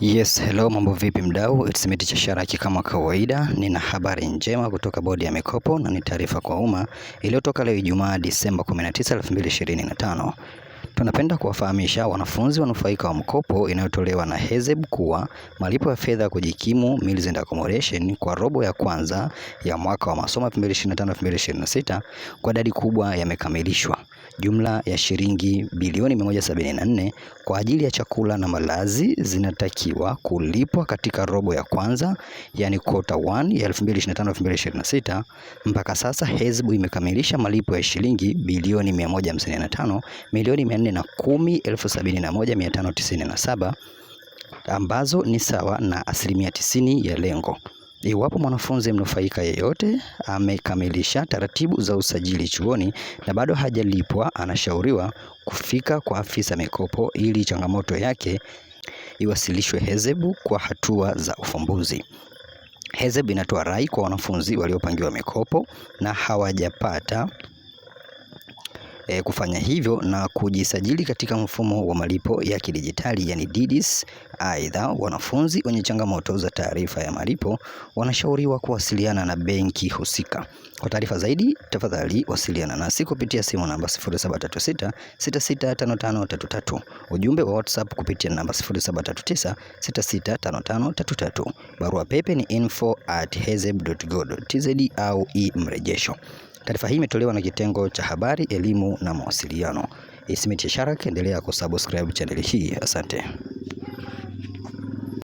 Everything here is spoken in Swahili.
Yes, hello, mambo vipi mdau? It's me Teacher Sharaki kama kawaida, nina habari njema kutoka bodi ya mikopo na ni taarifa kwa umma iliyotoka leo Ijumaa Disemba 19, 2025. Tunapenda kuwafahamisha wanafunzi wanufaika wa mkopo inayotolewa na HESLB kuwa malipo ya fedha ya kujikimu meals and accommodation kwa robo ya kwanza ya mwaka wa masomo 2025-2026 kwa idadi kubwa yamekamilishwa jumla ya shilingi bilioni 174 kwa ajili ya chakula na malazi zinatakiwa kulipwa katika robo ya kwanza, yani quarter 1 ya 2025-2026. Mpaka sasa Hezbu imekamilisha malipo ya shilingi bilioni 155 milioni 410,071,597 ambazo ni sawa na asilimia 90 ya lengo. Iwapo mwanafunzi mnufaika yeyote amekamilisha taratibu za usajili chuoni na bado hajalipwa, anashauriwa kufika kwa afisa mikopo ili changamoto yake iwasilishwe HESLB kwa hatua za ufumbuzi. HESLB inatoa rai kwa wanafunzi waliopangiwa mikopo na hawajapata E, kufanya hivyo na kujisajili katika mfumo wa malipo ya kidijitali yani DDS. Aidha, wanafunzi wenye changamoto za taarifa ya malipo wanashauriwa kuwasiliana na benki husika. Kwa taarifa zaidi, tafadhali wasiliana nasi kupitia simu namba 0736 ujumbe wa WhatsApp kupitia namba 0739 barua pepe ni info@hezeb.go.tz au e-mrejesho. Taarifa hii imetolewa na kitengo cha habari, elimu na mawasiliano. Ismet Sharak, endelea kusubscribe chaneli hii. Asante.